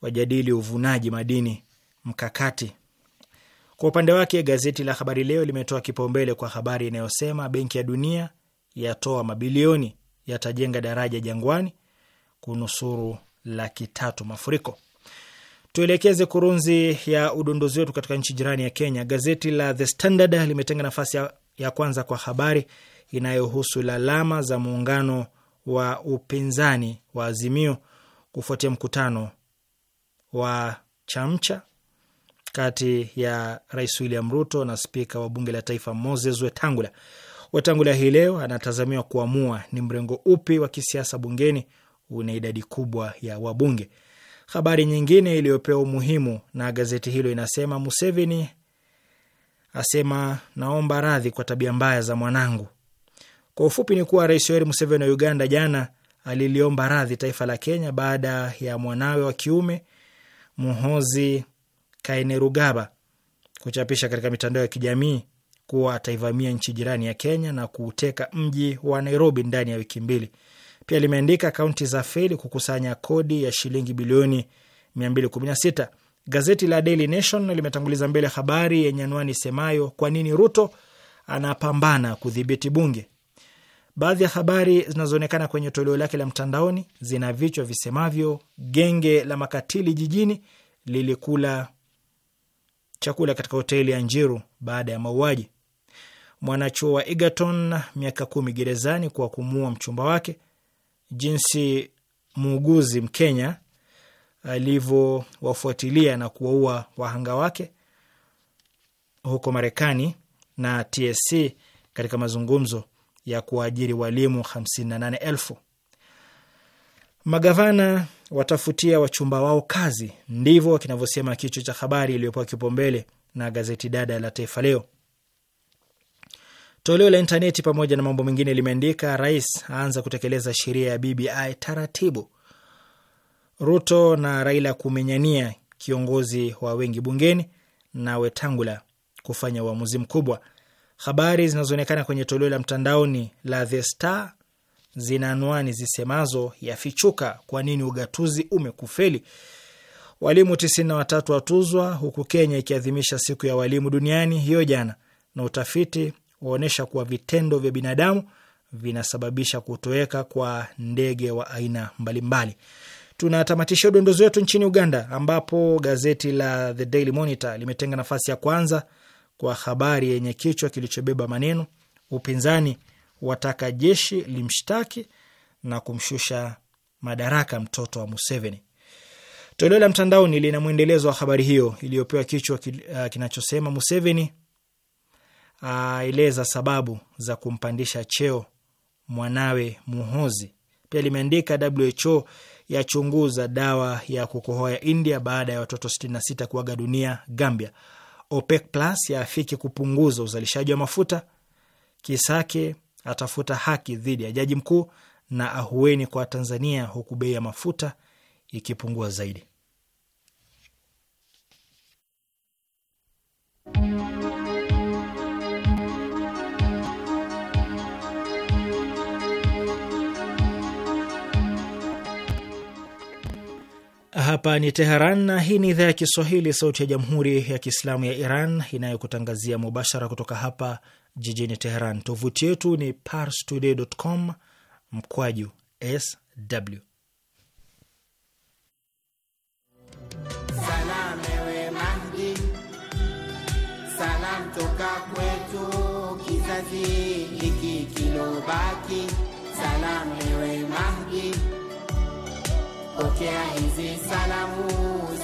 wajadili uvunaji madini mkakati. Kwa upande wake gazeti la Habari Leo limetoa kipaumbele kwa habari inayosema Benki ya Dunia yatoa mabilioni, yatajenga daraja Jangwani kunusuru laki tatu mafuriko. Tuelekeze kurunzi ya udunduzi wetu katika nchi jirani ya Kenya. Gazeti la The Standard limetenga nafasi ya, ya kwanza kwa habari inayohusu lalama za muungano wa upinzani wa Azimio kufuatia mkutano wa chamcha kati ya Rais William Ruto na spika wa bunge la taifa Moses Wetangula. Wetangula hii leo anatazamiwa kuamua ni mrengo upi wa kisiasa bungeni una idadi kubwa ya wabunge. Habari nyingine iliyopewa umuhimu na gazeti hilo inasema Museveni asema naomba radhi kwa tabia mbaya za mwanangu. Kwa ufupi ni kuwa Rais Yoweri Museveni wa Uganda jana aliliomba radhi taifa la Kenya baada ya mwanawe wa kiume Muhozi Kainerugaba kuchapisha katika mitandao ya kijamii kuwa ataivamia nchi jirani ya Kenya na kuuteka mji wa Nairobi ndani ya wiki mbili. Pia limeandika kaunti za feli kukusanya kodi ya shilingi bilioni 216. Gazeti la Daily Nation limetanguliza mbele habari yenye anwani semayo, kwa nini Ruto anapambana kudhibiti bunge? Baadhi ya habari zinazoonekana kwenye toleo lake la mtandaoni zina vichwa visemavyo: genge la makatili jijini lilikula chakula katika hoteli ya Njiru baada ya mauaji; mwanachuo wa Egerton miaka kumi gerezani kwa kumuua mchumba wake; jinsi muuguzi Mkenya alivyowafuatilia na kuwaua wahanga wake huko Marekani; na TSC katika mazungumzo ya kuajiri walimu 58,000. Magavana watafutia wachumba wao kazi, ndivyo kinavyosema kichwa cha habari iliyopewa kipaumbele na gazeti dada la Taifa Leo. Toleo la intaneti pamoja na mambo mengine limeandika rais aanza kutekeleza sheria ya BBI taratibu. Ruto na Raila kumenyania kiongozi wa wengi bungeni na Wetangula kufanya uamuzi mkubwa. Habari zinazoonekana kwenye toleo la mtandaoni la The Star zina anwani zisemazo yafichuka, kwa nini ugatuzi umekufeli, walimu 93 watuzwa, huku Kenya ikiadhimisha siku ya walimu duniani hiyo jana, na utafiti waonyesha kuwa vitendo vya binadamu vinasababisha kutoweka kwa ndege wa aina mbalimbali. Tunatamatisha udondozi wetu nchini Uganda, ambapo gazeti la The Daily Monitor limetenga nafasi ya kwanza kwa habari yenye kichwa kilichobeba maneno upinzani wataka jeshi limshtaki na kumshusha madaraka mtoto wa Museveni. Toleo la mtandaoni lina mwendelezo wa habari hiyo iliyopewa kichwa uh, kinachosema Museveni aeleza sababu za kumpandisha cheo mwanawe Muhozi. Pia limeandika WHO yachunguza dawa ya kukohoa ya India baada ya watoto 66 kuaga dunia Gambia. OPEC Plus yaafiki kupunguza uzalishaji wa mafuta. Kisake atafuta haki dhidi ya jaji mkuu na ahueni kwa Tanzania, huku bei ya mafuta ikipungua zaidi. Hapa ni Teheran na hii ni idhaa ya Kiswahili, sauti ya jamhuri ya kiislamu ya Iran inayokutangazia mubashara kutoka hapa jijini Teheran. Tovuti yetu ni parstoday.com mkwaju sw. Mahdi, salam toka kwetu kizazi hiki kilobaki. Mahdi pokea hizi salamu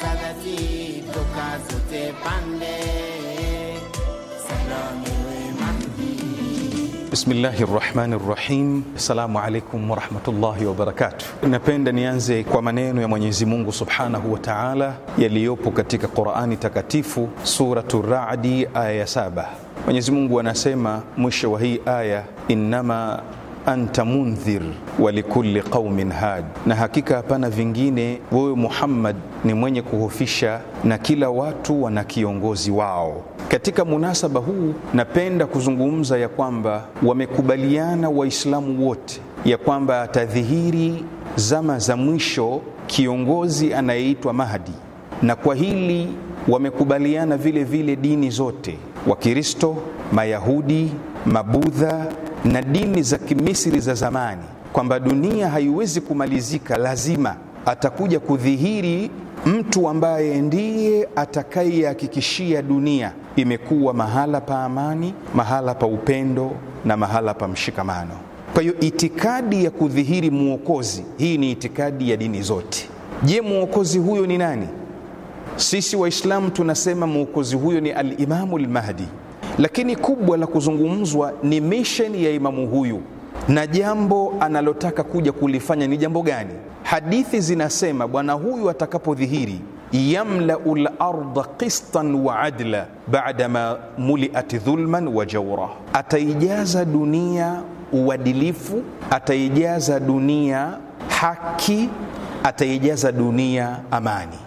za dhati toka zote pande. Salamu Bismillahi rahmani rahim. Assalamu alaikum warahmatullahi wabarakatuh. Napenda nianze kwa maneno ya Mwenyezi Mungu subhanahu wa taala yaliyopo katika Qurani Takatifu, Suratu Radi aya ya saba. Mwenyezi Mungu anasema mwisho wa hii aya, innama anta mundhir wa likulli qaumin had, na hakika hapana vingine wewe Muhammad ni mwenye kuhofisha na kila watu wana kiongozi wao. Katika munasaba huu napenda kuzungumza ya kwamba wamekubaliana Waislamu wote ya kwamba atadhihiri zama za mwisho kiongozi anayeitwa Mahdi, na kwa hili wamekubaliana vile vile dini zote, Wakristo, Mayahudi, Mabudha na dini za Kimisri za zamani kwamba dunia haiwezi kumalizika, lazima atakuja kudhihiri mtu ambaye ndiye atakayehakikishia dunia imekuwa mahala pa amani, mahala pa upendo na mahala pa mshikamano. Kwa hiyo itikadi ya kudhihiri mwokozi hii ni itikadi ya dini zote. Je, mwokozi huyo ni nani? Sisi Waislamu tunasema mwokozi huyo ni Alimamu Lmahdi. Lakini kubwa la kuzungumzwa ni misheni ya imamu huyu na jambo analotaka kuja kulifanya ni jambo gani? Hadithi zinasema bwana huyu atakapodhihiri, yamlau larda qistan wa adla badama muliat dhulman wa jaura, ataijaza dunia uadilifu, ataijaza dunia haki, ataijaza dunia amani.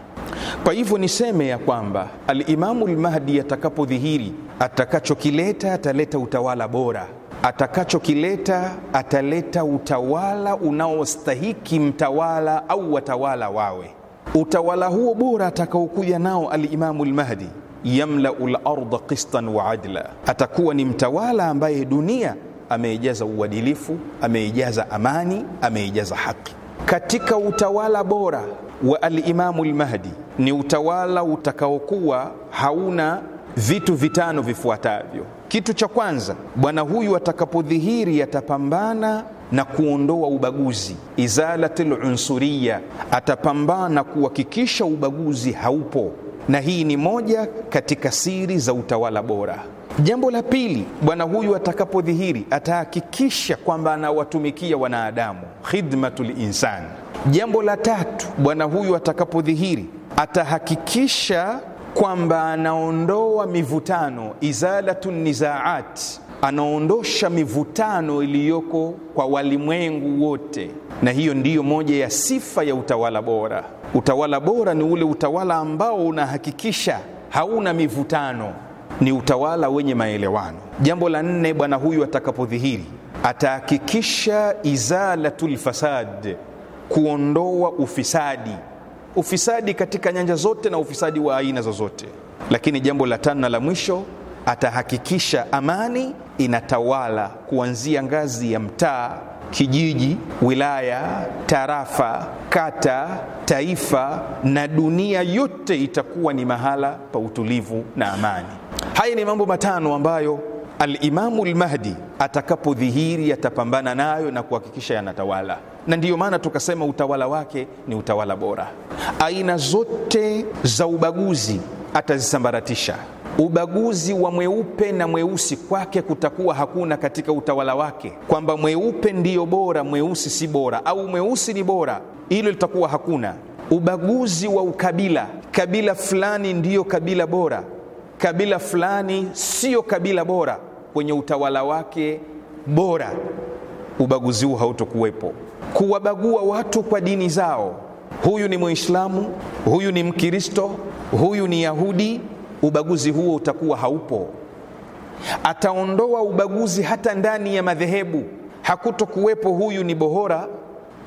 Kwa hivyo niseme ya kwamba Alimamu Lmahdi atakapodhihiri Atakachokileta ataleta utawala bora, atakachokileta ataleta utawala unaostahiki mtawala au watawala wawe. Utawala huo bora atakaokuja nao Alimamu Lmahdi, yamlau larda qistan wa adla, atakuwa ni mtawala ambaye dunia ameijaza uadilifu, ameijaza amani, ameijaza haki. Katika utawala bora wa Alimamu Lmahdi ni utawala utakaokuwa hauna vitu vitano vifuatavyo. Kitu cha kwanza, bwana huyu atakapodhihiri atapambana na kuondoa ubaguzi, izalatil unsuriya, atapambana kuhakikisha ubaguzi haupo, na hii ni moja katika siri za utawala bora. Jambo la pili, bwana huyu atakapodhihiri atahakikisha kwamba anawatumikia wanadamu, khidmatul insan. Jambo la tatu, bwana huyu atakapodhihiri atahakikisha kwamba anaondoa mivutano, izalatu nizaat, anaondosha mivutano iliyoko kwa walimwengu wote, na hiyo ndiyo moja ya sifa ya utawala bora. Utawala bora ni ule utawala ambao unahakikisha hauna mivutano, ni utawala wenye maelewano. Jambo la nne, bwana huyu atakapodhihiri atahakikisha izalatul fasad, kuondoa ufisadi ufisadi katika nyanja zote na ufisadi wa aina zozote. Lakini jambo la tano na la mwisho, atahakikisha amani inatawala kuanzia ngazi ya mtaa, kijiji, wilaya, tarafa, kata, taifa na dunia yote itakuwa ni mahala pa utulivu na amani. Haya ni mambo matano ambayo Alimamu Lmahdi atakapodhihiri atapambana nayo na kuhakikisha yanatawala na ndiyo maana tukasema utawala wake ni utawala bora. Aina zote za ubaguzi atazisambaratisha. Ubaguzi wa mweupe na mweusi kwake kutakuwa hakuna katika utawala wake, kwamba mweupe ndiyo bora, mweusi si bora, au mweusi ni bora, hilo litakuwa hakuna. Ubaguzi wa ukabila, kabila fulani ndiyo kabila bora, kabila fulani siyo kabila bora, kwenye utawala wake bora ubaguzi huu hautokuwepo kuwabagua watu kwa dini zao, huyu ni Muislamu, huyu ni Mkristo, huyu ni Yahudi. Ubaguzi huo utakuwa haupo. Ataondoa ubaguzi hata ndani ya madhehebu, hakutokuwepo huyu ni Bohora,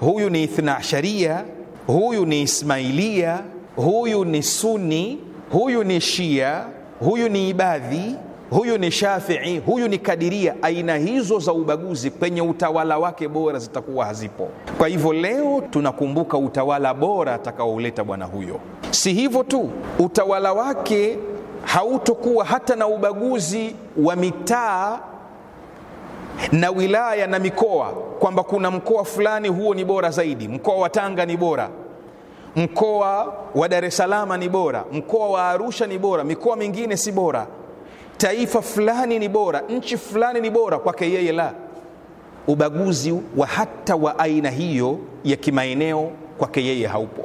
huyu ni Ithnaasharia, huyu ni Ismailia, huyu ni Suni, huyu ni Shia, huyu ni Ibadhi huyu ni Shafii, huyu ni Kadiria. Aina hizo za ubaguzi kwenye utawala wake bora zitakuwa hazipo. Kwa hivyo leo tunakumbuka utawala bora atakaouleta bwana huyo. Si hivyo tu, utawala wake hautokuwa hata na ubaguzi wa mitaa na wilaya na mikoa, kwamba kuna mkoa fulani huo ni bora zaidi, mkoa wa Tanga ni bora mkoa wa Dar es Salaam ni bora, mkoa wa Arusha ni bora, mikoa mingine si bora taifa fulani ni bora, nchi fulani ni bora kwake yeye, la. Ubaguzi wa hata wa aina hiyo ya kimaeneo kwake yeye haupo,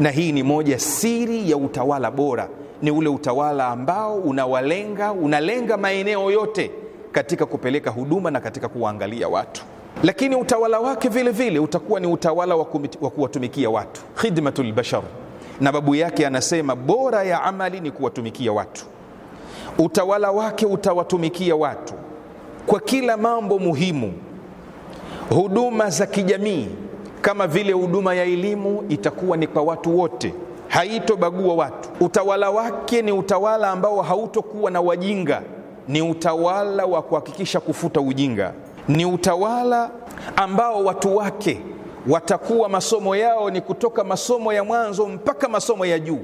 na hii ni moja siri ya utawala bora, ni ule utawala ambao unawalenga, unalenga maeneo yote katika kupeleka huduma na katika kuwaangalia watu lakini utawala wake vile vile utakuwa ni utawala wa kuwatumikia watu, khidmatul bashar. Na babu yake anasema bora ya amali ni kuwatumikia watu. Utawala wake utawatumikia watu kwa kila mambo muhimu, huduma za kijamii kama vile huduma ya elimu itakuwa ni kwa watu wote, haitobagua watu. Utawala wake ni utawala ambao hautokuwa na wajinga, ni utawala wa kuhakikisha kufuta ujinga, ni utawala ambao watu wake watakuwa masomo yao ni kutoka masomo ya mwanzo mpaka masomo ya juu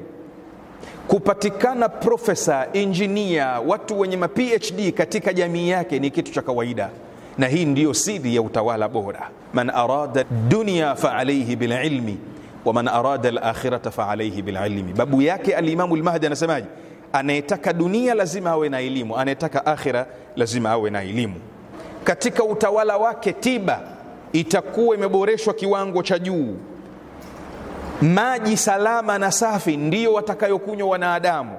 kupatikana profesa, injinia, watu wenye maphd katika jamii yake ni kitu cha kawaida, na hii ndiyo siri ya utawala bora. Man arada dunya faalaihi bililmi wa man arada lakhirata faalaihi bililmi. Babu yake Alimamu Lmahdi anasemaje? Anayetaka dunia lazima awe na elimu, anayetaka akhira lazima awe na elimu. Katika utawala wake tiba itakuwa imeboreshwa kiwango cha juu maji salama na safi ndiyo watakayokunywa wanadamu.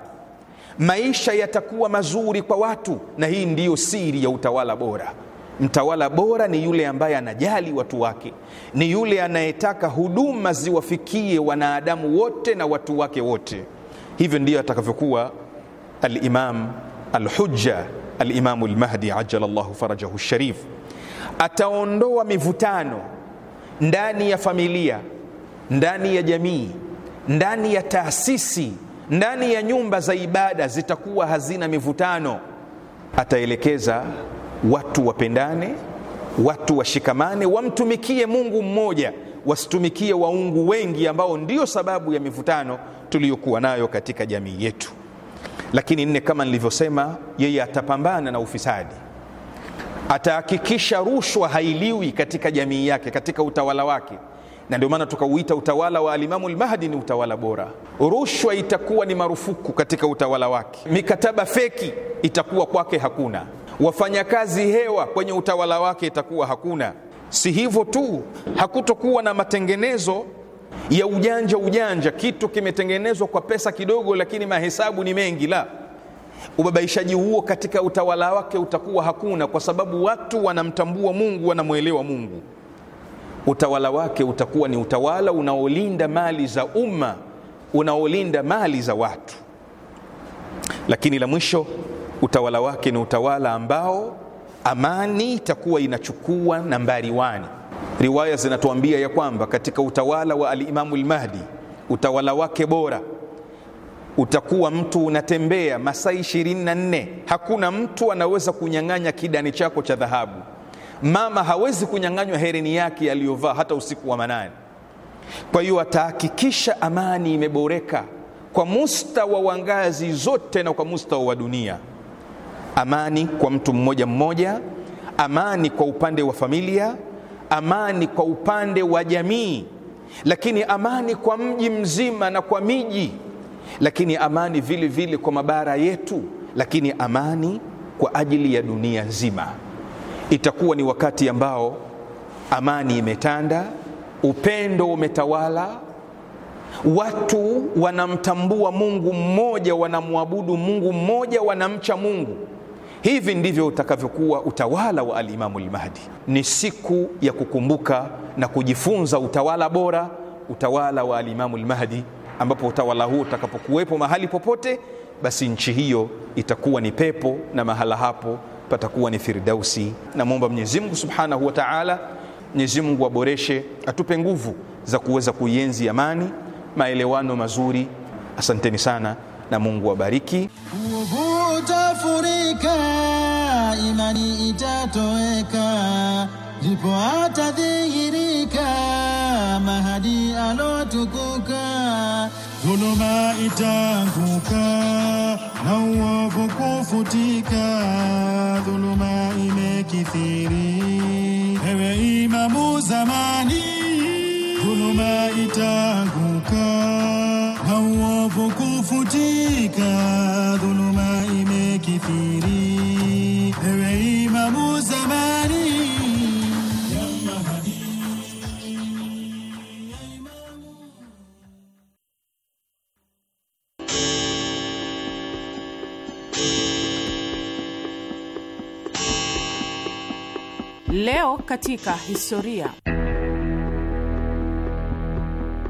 Maisha yatakuwa mazuri kwa watu, na hii ndiyo siri ya utawala bora. Mtawala bora ni yule ambaye anajali watu wake, ni yule anayetaka huduma ziwafikie wanadamu wote na watu wake wote. Hivyo ndiyo atakavyokuwa Alimam Alhujja, Alimamu Lmahdi ajala llahu farajahu sharif. Ataondoa mivutano ndani ya familia ndani ya jamii, ndani ya taasisi, ndani ya nyumba za ibada zitakuwa hazina mivutano. Ataelekeza watu wapendane, watu washikamane, wamtumikie Mungu mmoja, wasitumikie waungu wengi, ambao ndiyo sababu ya mivutano tuliyokuwa nayo katika jamii yetu. Lakini nne, kama nilivyosema, yeye atapambana na ufisadi, atahakikisha rushwa hailiwi katika jamii yake, katika utawala wake na ndio maana tukauita utawala wa alimamu lmahdi ni utawala bora. Rushwa itakuwa ni marufuku katika utawala wake, mikataba feki itakuwa kwake hakuna, wafanyakazi hewa kwenye utawala wake itakuwa hakuna. Si hivyo tu, hakutokuwa na matengenezo ya ujanja ujanja, kitu kimetengenezwa kwa pesa kidogo, lakini mahesabu ni mengi. La, ubabaishaji huo katika utawala wake utakuwa hakuna, kwa sababu watu wanamtambua Mungu, wanamwelewa Mungu utawala wake utakuwa ni utawala unaolinda mali za umma, unaolinda mali za watu. Lakini la mwisho, utawala wake ni utawala ambao amani itakuwa inachukua nambari wani. Riwaya zinatuambia ya kwamba katika utawala wa Alimamu Lmahdi, utawala wake bora utakuwa mtu unatembea masaa 24 hakuna mtu anaweza kunyang'anya kidani chako cha dhahabu mama hawezi kunyang'anywa hereni yake aliyovaa hata usiku wa manane. Kwa hiyo atahakikisha amani imeboreka kwa mustawa wa ngazi zote na kwa mustawa wa dunia, amani kwa mtu mmoja mmoja, amani kwa upande wa familia, amani kwa upande wa jamii, lakini amani kwa mji mzima na kwa miji, lakini amani vile vile kwa mabara yetu, lakini amani kwa ajili ya dunia nzima itakuwa ni wakati ambao amani imetanda, upendo umetawala, watu wanamtambua Mungu mmoja, wanamwabudu Mungu mmoja, wanamcha Mungu. Hivi ndivyo utakavyokuwa utawala wa Alimamu Lmahdi. Ni siku ya kukumbuka na kujifunza utawala bora, utawala wa Alimamu Lmahdi, ambapo utawala huo utakapokuwepo mahali popote, basi nchi hiyo itakuwa ni pepo na mahala hapo patakuwa ni firdausi. Namwomba Mwenyezi Mungu subhanahu wa taala, Mwenyezi Mungu aboreshe, atupe nguvu za kuweza kuienzi amani, maelewano mazuri. Asanteni sana na Mungu abariki. Utafurika, imani itatoweka, ndipo atadhihirika mahadi alotukuka. Dhuluma itaanguka na uovu kufutika, dhuluma imekithiri. Ewe imamu zamani, dhuluma itaanguka na uovu kufutika, dhuluma imekithiri. Leo katika historia.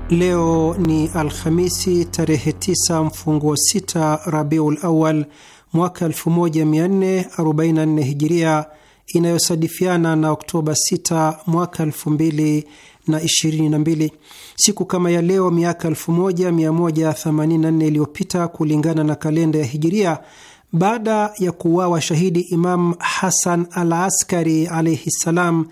Leo ni Alhamisi tarehe 9 mfunguo 6 Rabiul Awal mwaka 1444 Hijiria, inayosadifiana na Oktoba 6 mwaka 2022. Siku kama ya leo miaka 1184 iliyopita kulingana na kalenda ya Hijiria baada ya kuuawa shahidi Imam Hasan al Askari alaihi ssalam,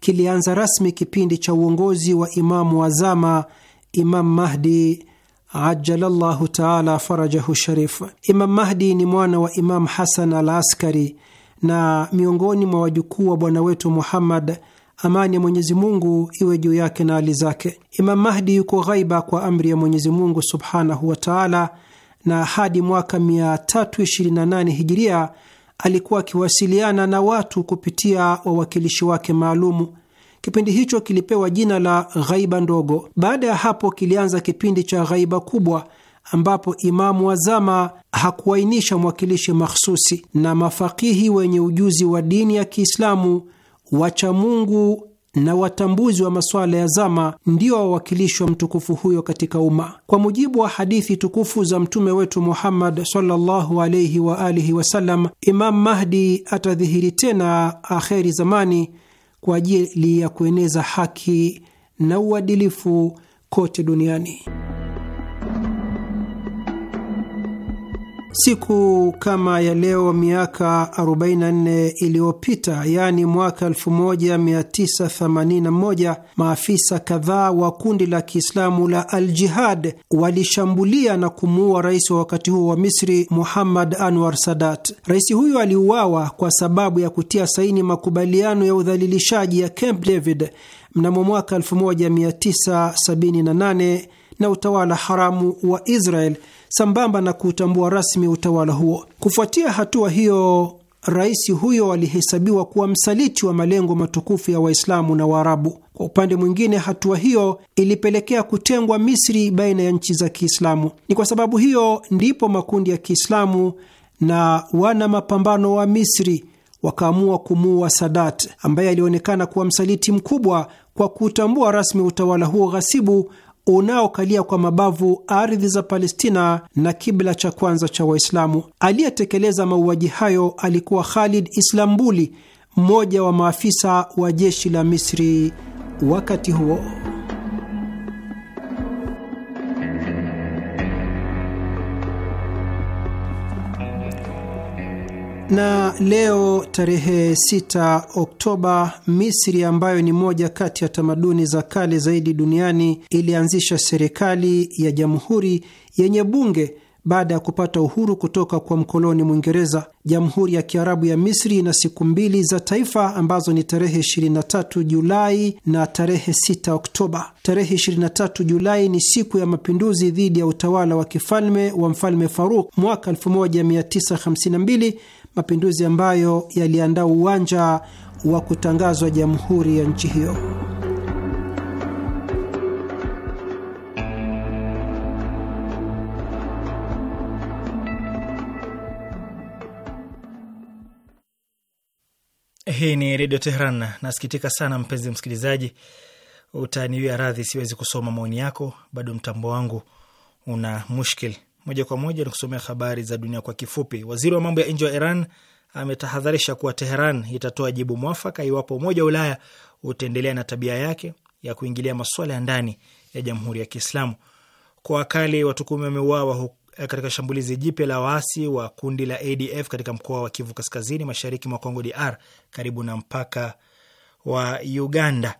kilianza rasmi kipindi cha uongozi wa imamu wazama Imam Mahdi ajalallahu taala farajahu sharif. Imam Mahdi ni mwana wa Imam Hasan al Askari na miongoni mwa wajukuu wa bwana wetu Muhammad, amani ya Mwenyezi Mungu iwe juu yake na hali zake. Imam Mahdi yuko ghaiba kwa amri ya Mwenyezi Mungu subhanahu wa taala na hadi mwaka 328 hijiria alikuwa akiwasiliana na watu kupitia wawakilishi wake maalumu. Kipindi hicho kilipewa jina la ghaiba ndogo. Baada ya hapo, kilianza kipindi cha ghaiba kubwa, ambapo imamu wa zama hakuainisha mwakilishi makhususi na mafakihi wenye ujuzi wa dini ya Kiislamu wachamungu na watambuzi wa masuala ya zama ndio wawakilishi wa mtukufu huyo katika umma. Kwa mujibu wa hadithi tukufu za mtume wetu Muhammad sallallahu wa alihi wasallam, Imam Mahdi atadhihiri tena akheri zamani kwa ajili ya kueneza haki na uadilifu kote duniani. Siku kama ya leo miaka 44 iliyopita, yaani mwaka 1981, maafisa kadhaa wa kundi la Kiislamu la Al-Jihad walishambulia na kumuua rais wa wakati huo wa Misri Muhammad Anwar Sadat. Rais huyo aliuawa kwa sababu ya kutia saini makubaliano ya udhalilishaji ya Camp David mnamo mwaka 1978 na utawala haramu wa Israel sambamba na kuutambua rasmi utawala huo. Kufuatia hatua hiyo, rais huyo alihesabiwa kuwa msaliti wa malengo matukufu ya Waislamu na Waarabu. Kwa upande mwingine, hatua hiyo ilipelekea kutengwa Misri baina ya nchi za Kiislamu. Ni kwa sababu hiyo ndipo makundi ya Kiislamu na wana mapambano wa Misri wakaamua kumuua Sadat ambaye alionekana kuwa msaliti mkubwa kwa kutambua rasmi utawala huo ghasibu unaokalia kwa mabavu ardhi za Palestina na kibla cha kwanza cha Waislamu. Aliyetekeleza mauaji hayo alikuwa Khalid Islambuli, mmoja wa maafisa wa jeshi la Misri wakati huo. Na leo tarehe 6 Oktoba, Misri ambayo ni moja kati ya tamaduni za kale zaidi duniani ilianzisha serikali ya jamhuri yenye bunge baada ya kupata uhuru kutoka kwa mkoloni Mwingereza. Jamhuri ya Kiarabu ya Misri ina siku mbili za taifa ambazo ni tarehe 23 Julai na tarehe 6 Oktoba. Tarehe 23 Julai ni siku ya mapinduzi dhidi ya utawala wa kifalme wa mfalme Faruk mwaka 1952 mapinduzi ambayo yaliandaa uwanja wa kutangazwa jamhuri ya nchi hiyo. Hii ni Redio Teheran. Nasikitika sana mpenzi msikilizaji, utaniwia radhi, siwezi kusoma maoni yako, bado mtambo wangu una mushkil moja kwa moja ni kusomea habari za dunia kwa kifupi. Waziri wa mambo ya nje wa Iran ametahadharisha kuwa Teheran itatoa jibu mwafaka iwapo Umoja wa Ulaya utaendelea na tabia yake ya kuingilia masuala ya ndani ya Jamhuri ya Kiislamu. Kwa wakali watu kumi wameuawa katika shambulizi jipya la waasi wa kundi la ADF katika mkoa wa Kivu Kaskazini, mashariki mwa Kongo DR, karibu na mpaka wa Uganda.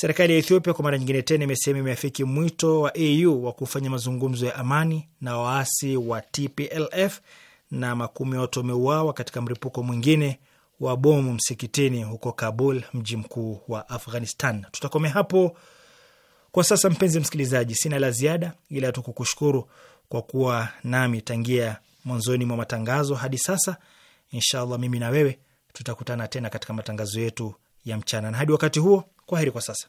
Serikali ya Ethiopia kwa mara nyingine tena imesema imeafiki mwito wa AU wa kufanya mazungumzo ya amani na waasi wa TPLF na makumi ya watu wameuawa katika mlipuko mwingine wa bomu msikitini huko Kabul, mji mkuu wa Afghanistan. Tutakomea hapo kwa sasa, mpenzi msikilizaji, sina la ziada ila tu kukushukuru kwa kuwa nami tangia mwanzoni mwa matangazo hadi sasa. Inshallah, mimi na wewe tutakutana tena katika matangazo yetu ya mchana, na hadi wakati huo kwa heri kwa sasa.